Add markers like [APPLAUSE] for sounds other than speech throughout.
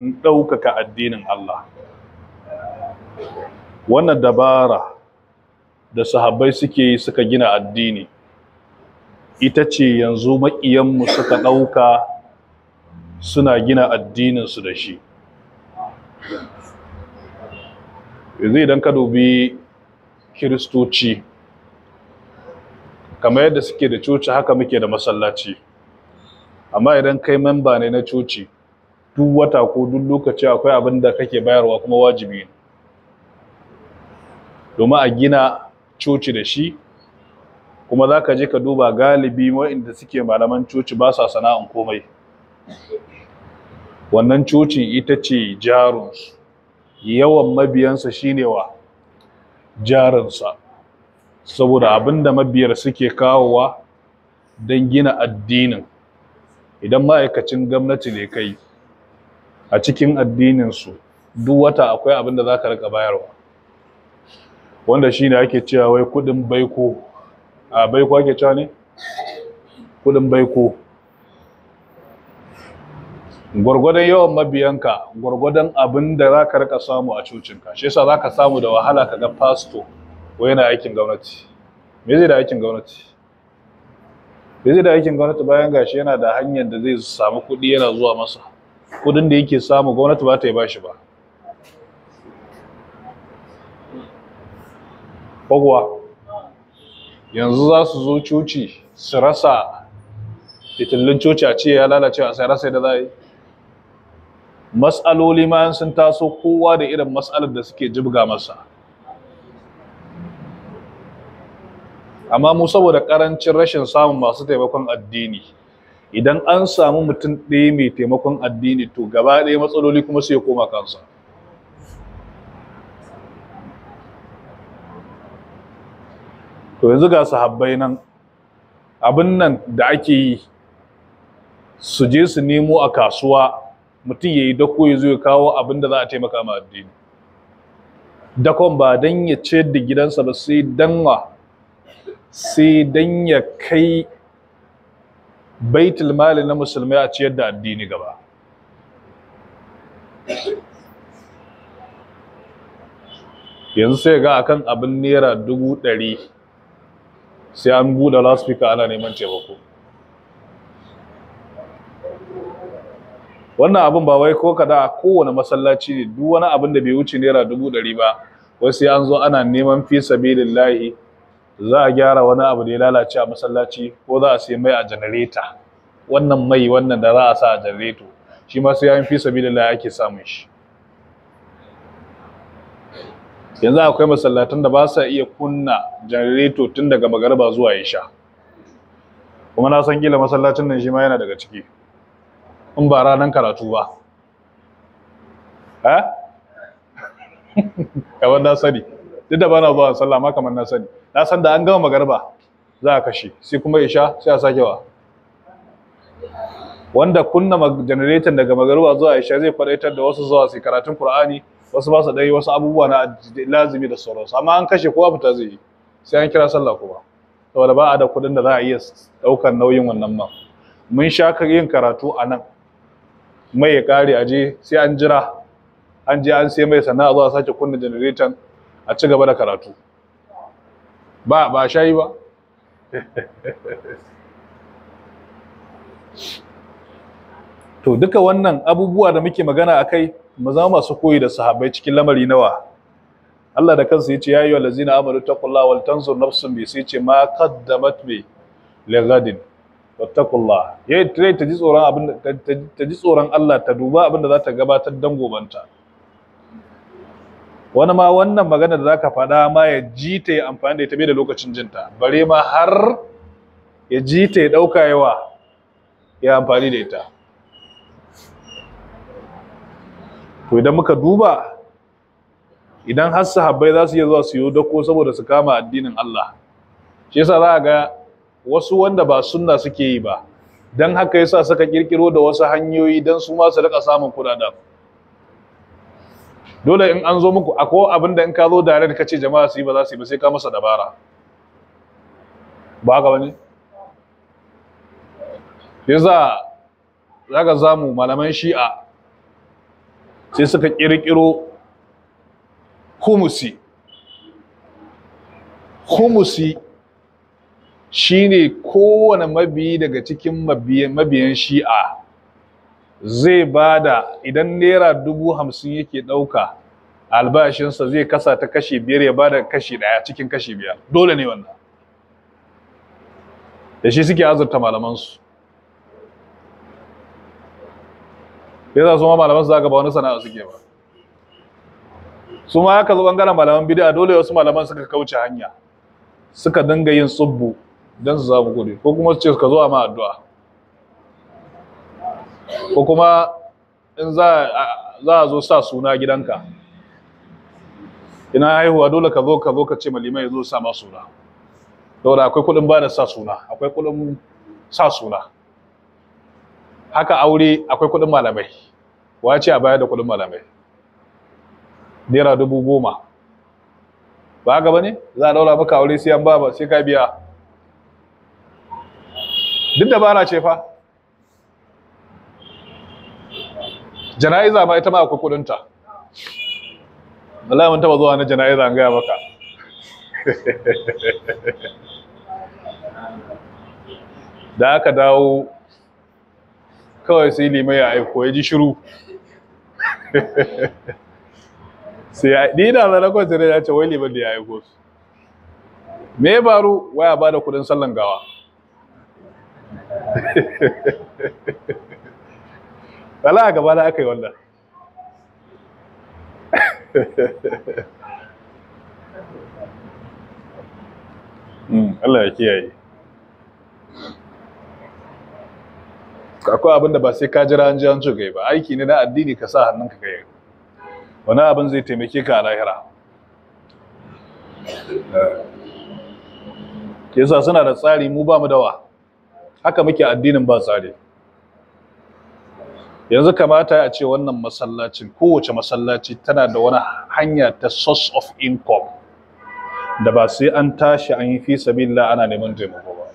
ɗaukaka addinin Allah wannan dabara da sahabbai suke yi suka gina addini ita ce yanzu maƙiyanmu suka ɗauka suna gina addininsu da shi yanzu idan ka dubi kiristoci kamar yadda suke da coci haka muke da masallaci amma idan kai memba ne na coci duk wata ko duk lokaci akwai abin da kake bayarwa kuma wajibi ne domin a gina coci da shi kuma za ka je ka duba galibi wa'inda suke malaman coci ba sana'a sana'an komai wannan cocin ita ce jarunsu yawan mabiyansa shine wa jarinsa saboda abinda mabiyar suke kawowa don gina addinin idan ma'aikacin gwamnati ne kai a cikin addininsu duk wata akwai abin da za ka rika bayarwa wanda shi ne ake cewa wai kudin baiko a baiko ake cewa ne? kudin baiko gwargwadon yawan mabiyanka gwargwadon abin da za ka rika samu a cocinka shi yasa za ka samu da wahala ka ga fasto? wai yana aikin gwamnati me zai da aikin gwamnati me zai da aikin gwamnati bayan gashi yana da hanyar da zai samu kuɗi yana zuwa masa kudin da yake samu gwamnati ba ta yi bashi ba kogowa yanzu za su zo coci su rasa fitillin coci a ce ya lalace a sai rasa da za yi matsaloli ma sun taso kowa da irin matsalar da suke jibga masa amma mu saboda karancin rashin samun masu taimakon addini idan an samu mutum ɗaya mai taimakon addini to gaba ɗaya matsaloli kuma sai ya koma kansa to yanzu ga sahabbai nan abin nan da ake yi su je su nemo a kasuwa mutum ya yi dako ya zo ya kawo abin da za a taimaka ma addini dakon ba don ya ce da gidansa ba sai don sai don ya kai baitul mali na musulmai a ciyar da addini gaba yanzu sai ga akan abin naira dubu ɗari sai an buɗe laspika ana neman taimako wannan abin ba wai ko kada kowane masallaci ne duk wani abin da bai wuce naira dubu ɗari ba wasu sai an zo ana neman fi sabilillahi za a gyara wani abu da ya lalace a masallaci ko za a sai mai a janareta wannan mai wannan da za a sa a janareto shi ma sai yayin fi sabilillah ake samun shi yanzu akwai masallatan da ba sa iya kunna janareto tun daga magariba zuwa isha kuma na san kila masallacin nan shi ma yana daga ciki in ba ranar karatu ba ha? Eh? [LAUGHS] na sani duk da ba na zuwa sallah ma kamar na sani na san da an gama magarba za a kashe sai kuma isha sai a sake wa wanda kunna generator daga magarba zuwa isha zai faɗaitar da wasu zuwa sai karatun qur'ani wasu ba su dai wasu abubuwa na lazimi da sauransu amma an kashe kowa fita zai yi sai an kira sallah kuma saboda ba a da kuɗin da za a iya ɗaukar nauyin wannan ma mun sha ka yin karatu a nan mai ya kare aje sai an jira an je an sai mai sana'a zuwa sake kunna generator a ci gaba da karatu ba ba shayi ba [LAUGHS] to duka wannan abubuwa da muke magana akai mu zama masu koyi da sahabbai cikin lamari nawa Allah da kansa yace ya ayyuhal ladzina amalu taqullaha wal tanzur nafsun bi sai ce ma qaddamat bi li ghadin wattaqullah yayi tare ta ji tsoron abin ta ji tsoron Allah ta duba abin da za ta gabatar dan gobanta wani ma wannan magana da zaka faɗa ma ya ji ta yi amfani da ita bai da lokacin jinta bare ma har ya ji ta ya ɗauka yawa ya amfani da ita to idan muka duba idan har sahabbai za su iya zuwa su yi dako saboda su kama addinin Allah shi yasa za ga wasu wanda ba sunna suke yi ba dan haka yasa suka kirkiro da wasu hanyoyi dan su ma su rika samun kudaden dole in an zo muku akwai abin da in ka zo direct ka ce jama'a su yi ba za su yi ba sai ka masa dabara ba haka bane yasa zaka zamu malaman shi'a sai suka kirkiro Kumusi humusi shine kowane mabiyi daga cikin mabiyan shi'a zai bada idan naira dubu hamsin yake ɗauka albashinsa zai kasa ta kashi biyar ya bada kashi ɗaya cikin kashi biyar dole ne wannan da shi suke azurta malamansu ya za su ma malamansu za ba wani sana'a suke ba su ma haka zo ɓangaren malaman bidiya dole wasu malaman suka kauce hanya suka dinga yin tsubbu don su samu kuɗi ko kuma su ce ka zo a ma addu'a ko kuma in za a zo sa suna gidanka ina haihuwa dole ka zo ka zo ka ce malimai ya zo sa ma suna saboda akwai kuɗin ba da sa suna akwai kuɗin sa suna haka aure akwai kuɗin malamai wa ce a bayar da kuɗin malamai naira dubu goma ba haka ba ne za a daura maka aure sai an ba sai ka biya duk da ba na ce fa jana'iza ma ita ma akwai ta wallahi mun taba zuwa na jana'iza an gaya maka da aka dawo kawai sai limai ya aiko ya ji shiru sai ya ni da na kawai sai ya ce wai liman da ya aiko su me ya waya ba da kudin sallan gawa [LAUGHS] wala a gaba na aka yi wannan hmm, Allah ya kiyaye akwai abinda ba sai ka jira an ji an gai ba aiki ne na addini ka sa hannunka ka yi wani abin zai taimake ka a lahira ke sa suna da tsari mu ba mu dawa haka muke addinin ba tsari yanzu kamata a ce wannan masallacin kowace masallaci tana da wani hanya ta source of income da ba sai an tashi an yi fi sabilla ana neman taimako ba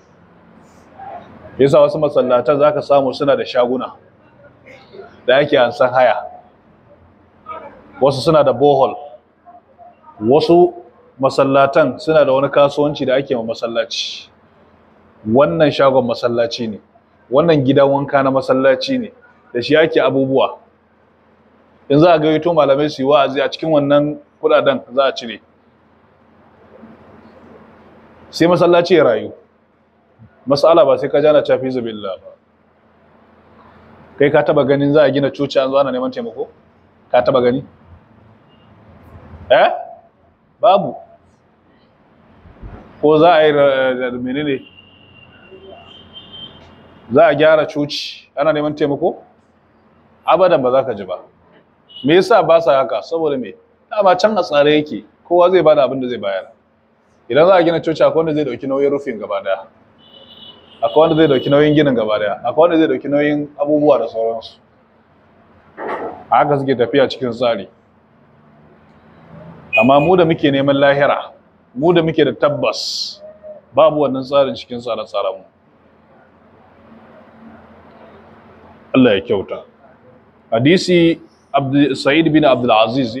yasa wasu masallatan zaka samu suna da shaguna da ake ansan haya wasu suna da bohol wasu masallatan suna da wani kasuwanci da ake ma masallaci wannan shagon masallaci ne wannan gidan wanka na masallaci ne da shi yake abubuwa in za a gayyato malamai su yi wa'azi a cikin wannan kudaden za a cire sai masallaci ya rayu masala ba sai ka jana cafi zubilla ba kai ka taba ganin za a gina coci an zo ana neman taimako ka taba gani eh babu ko za a yi da menene za a gyara coci ana neman taimako abadan ba za ka ji ba me yasa ba sa haka saboda me dama can a tsare yake kowa zai bada abin da zai bayar idan za a gina coci akwai wanda zai dauki nauyin rufin gaba daya akwai wanda zai dauki nauyin ginin gaba daya akwai wanda zai dauki nauyin abubuwa da sauransu a haka suke tafiya cikin tsari amma mu da muke neman lahira mu da muke da tabbas babu wannan tsarin cikin tsare-tsarenmu Allah ya kyauta hadisi sa'id bin abdulaziz